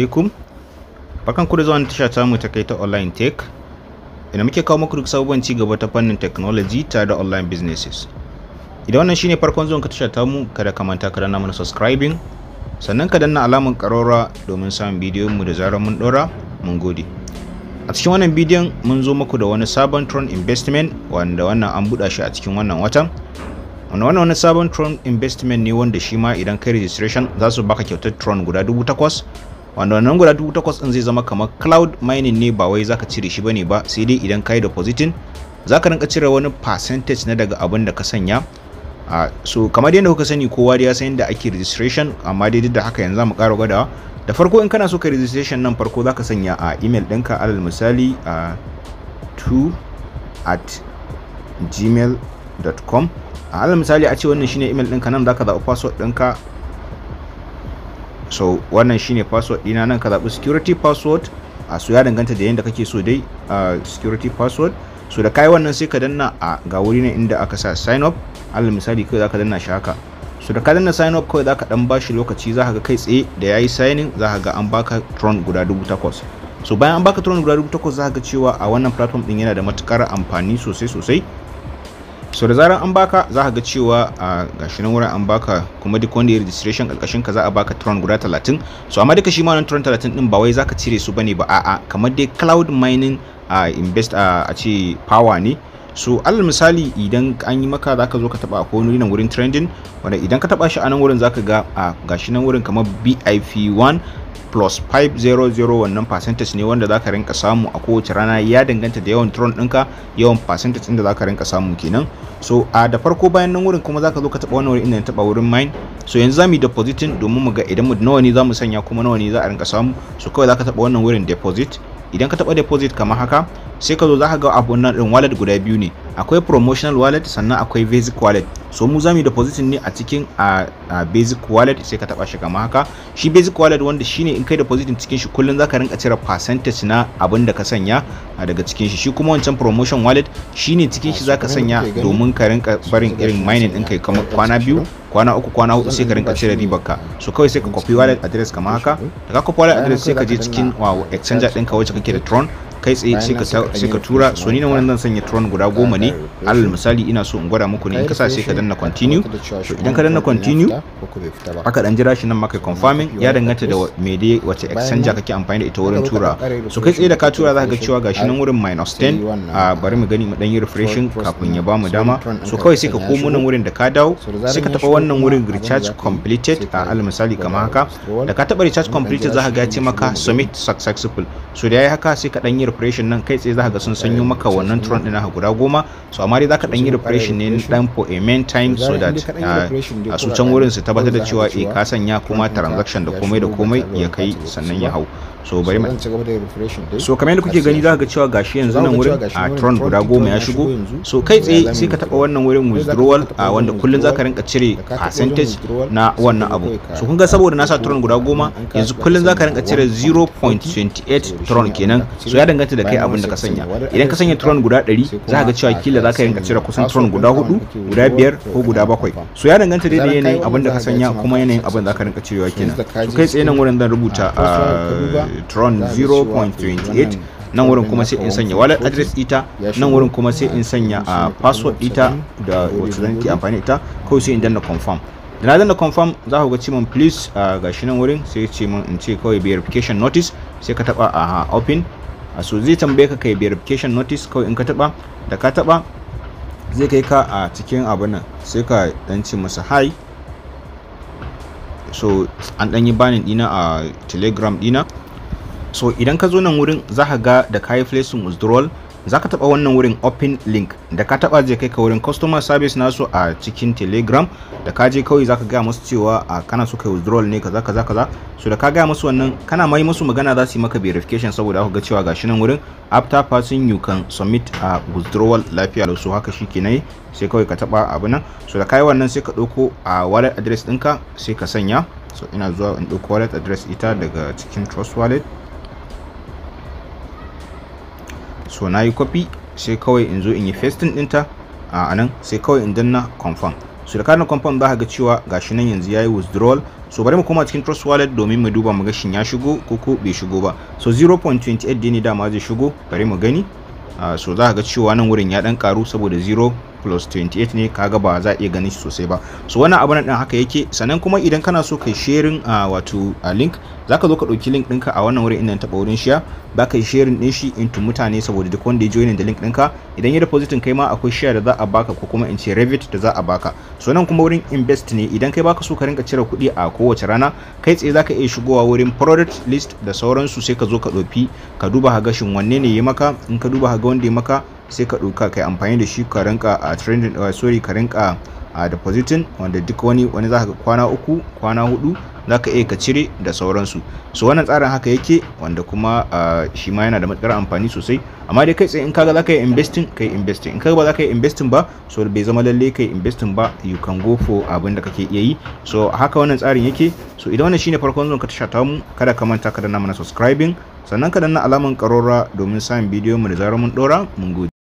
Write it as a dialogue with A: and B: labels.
A: alaikum bakan ku da zuwa tasha ta mu ta kai ta online tech ina muke kawo muku duk sabon ci gaba ta fannin technology tare da online businesses idan wannan shine farkon zuwan ka tasha ta mu kada ka manta ka danna mana subscribing sannan ka danna alamun karora domin samun bidiyon mu da zarar mun dora mun gode a cikin wannan bidiyon mun zo muku da wani sabon tron investment wanda wannan an buɗa shi a cikin wannan watan wannan wannan wani sabon tron investment ne wanda shi ma idan kai registration za su baka kyautar tron guda dubu takwas wanda wannan guda dubu takwas ɗin zai zama kamar cloud mining ne ba wai zaka cire shi bane ba sai dai idan ka yi depositing zaka rinka cire wani percentage na daga abin da ka sanya Uh, so kamar yadda kuka sani kowa da ya san yadda ake registration amma dai duk da haka yanzu mu ƙara gwadawa da farko in kana so ka registration nan farko zaka sanya a uh, email ɗinka alal misali a uh, alal misali a ce wannan shine email ɗinka nan zaka zaɓi password ɗinka so wannan shine password dina nan ka zaɓi security password a ah, so ya danganta da yadda kake so dai a ah, security password so da kai wannan sai ka danna a ah, ga wuri ne inda aka sa sign up alal misali kawai zaka danna shi haka so da ka danna sign up kawai zaka dan bashi lokaci zaka ga kai tsaye da yayi signing zaka ga an baka tron guda dubu so bayan an baka tron guda dubu takwas zaka ga cewa a wannan platform din yana da matukar amfani sosai sosai so da zarar an baka za ka ga cewa a gashi nan wurin an baka kuma duk wanda ya registration karkashin ka za a baka tron guda 30 so amma duka shi ma wannan tron 30 din ba wai za ka cire su bane ba a'a kamar dai cloud mining a invest a ce power ne so alal misali idan an yi maka zaka zo ka taba ko wani nan wurin trending wanda idan ka taba shi a nan wurin zaka ga a gashi nan wurin kamar BIP1 plus 500 wannan percentage ne wanda zaka rinka samu a kowace rana ya danganta da yawan tron ɗinka yawan percentage ɗin da zaka rinka samu kenan so a da farko bayan nan wurin kuma zaka zo ka taba wannan wurin inda taba wurin mine so yanzu mu yi depositing domin mu ga idan mu nawa ne mu sanya kuma nawa ne za a rinka samu so kawai zaka taba wannan wurin deposit idan ka taba deposit kamar haka sai ka zo zaka ga abun nan ɗin wallet guda biyu ne akwai promotional wallet sannan akwai basic wallet so mu zamu depositin ne a cikin a, uh, basic wallet sai ka taba shi kamar haka shi basic wallet wanda shine in kai depositin cikin shi kullun zaka rinka cire percentage na abin da ka sanya daga cikin shi shi kuma wancan promotion wallet shine cikin shi zaka sanya domin ka rinka barin irin mining din kai kamar kwana biyu kwana uku kwana hudu sai ka rinka cire ribar ka so kawai sai ka copy wallet address kamar haka da ka copy wallet address sai ka je cikin exchange ka wacce kake da tron kai tsaye sai ka tura so ni na wannan zan sanya tron guda goma ne alal misali ina so in gwada muku ne in ka sa sai ka danna continue to idan ka danna continue aka dan jira shi nan maka confirming ya danganta da me dai wace exchanger kake amfani da ita wurin tura so kai tsaye da ka tura za ga cewa gashi nan wurin minus 10 a ah, bari mu gani mu dan yi refreshing kafin ya bamu dama so kawai sai ka komo nan wurin da ka dawo sai ka taba wannan wurin recharge completed a ah, alal misali kamar haka da ka taba recharge completed za ga ya ce maka submit successful so da yayi haka sai ka dan yi refreshin nan kai tsaye za ga sun sanyo maka wannan din ɗin guda goma so amma dai za ka ɗan yi refreshin ne dan for a main time so that ah, a su can wurin su tabbatar da cewa eh ka sanya kuma transaction da komai da komai ya kai sannan ya hau so bari mu so kamar yadda kuke gani za ga cewa gashi yanzu ah, nan wurin a tron guda goma ya shigo so kai tsaye sai ka taba wannan wurin withdrawal ah, a wanda kullun zaka rinka cire percentage na wannan abu so kun ga saboda na sa tron guda goma yanzu kullun zaka rinka cire 0.28 tron kenan so ya danganta da kai abin da ka sanya idan ka sanya tron guda 100 za ka ga cewa kila za ka yanka cire kusan tron guda 4 guda 5 ko guda 7 so ya danganta da yanayin abin da ka sanya kuma yanayin abin da ka rinka cirewa kenan so kai tsaye nan wurin zan rubuta a tron 0.28 nan wurin kuma sai in sanya wallet address ah, ita nan wurin kuma sai in sanya a password ita da wacce zan ke amfani ita kawai sai in danna confirm da na danna confirm za ku ga cimin please ah, ga shi nan wurin sai ce mun in ce kawai verification notice sai ka taba a open a so zai tambaye ka kai verification notice kawai in ka taba da ka taba zai kai ka a cikin abu nan sai ka dan ce masa hi so an dan yi banin dina a telegram dina so idan ka zo nan wurin za ka ga da kayi placing withdrawal za ka taɓa wannan wurin open link da ka taɓa je kai ka wurin customer service nasu a cikin telegram da ka je kawai za ka gaya musu cewa a kana so kai withdrawal ne kaza kaza kaza so da ka gaya musu wannan kana mai musu magana za su yi maka verification saboda aka ga cewa gashi nan wurin after passing you can submit a withdrawal lafiya lau so haka shi kenan sai kawai ka taɓa abu nan so da kai wannan sai ka ɗauko a wallet address ɗinka sai ka sanya so ina zuwa in ɗauko wallet address ita daga cikin trust wallet so na yi copy sai kawai in zo in yi pasting ɗinta a nan sai kawai in danna confirm so da kana confirm za ka ga cewa gashi nan yanzu yayi withdrawal so bari mu koma cikin trust wallet domin mu duba mu ga shin ya shigo ko ko bai shigo ba so 0.28 ne dama zai shigo bari mu gani so za ka ga cewa nan wurin ya dan karu saboda 0 plus 28 ne kaga ba za a iya ganin shi sosai ba so wannan abu nan haka yake sannan kuma idan kana so kai sharing a wato a link zaka zo ka dauki link ɗinka a wannan wurin inda taba wurin shiya ba kai sharing din shi into mutane saboda duk wanda ya join da link ɗinka idan ya depositin kai ma akwai share da za a baka ko kuma in ce revit da za a baka so nan kuma wurin invest ne idan kai baka so ka rinka cire kuɗi a kowace rana kai tsaye zaka iya shigowa wurin product list da sauran su sai ka zo ka dofi ka duba gashin wanne ne ya maka in ka duba haga wanda ya maka sai ka ɗauka kai amfani da shi ka rinka a trending uh, sorry ka rinka a depositing wanda duk wani wani za ka kwana uku kwana hudu za ka iya ka cire da sauransu so wannan tsarin haka yake wanda kuma shi ma yana da matukar amfani sosai amma dai kai tsaye in kaga za ka yi investing ka yi investing in kaga ba za ka yi investing ba so bai zama lalle ka yi investing ba you can go for abin da kake iya yi so haka wannan tsarin yake so idan wannan shine farkon zon ka tasha ta mu kada ka manta ka danna mana subscribing sannan ka danna alaman karora domin samun bidiyon mu da zarar mun dora mun gode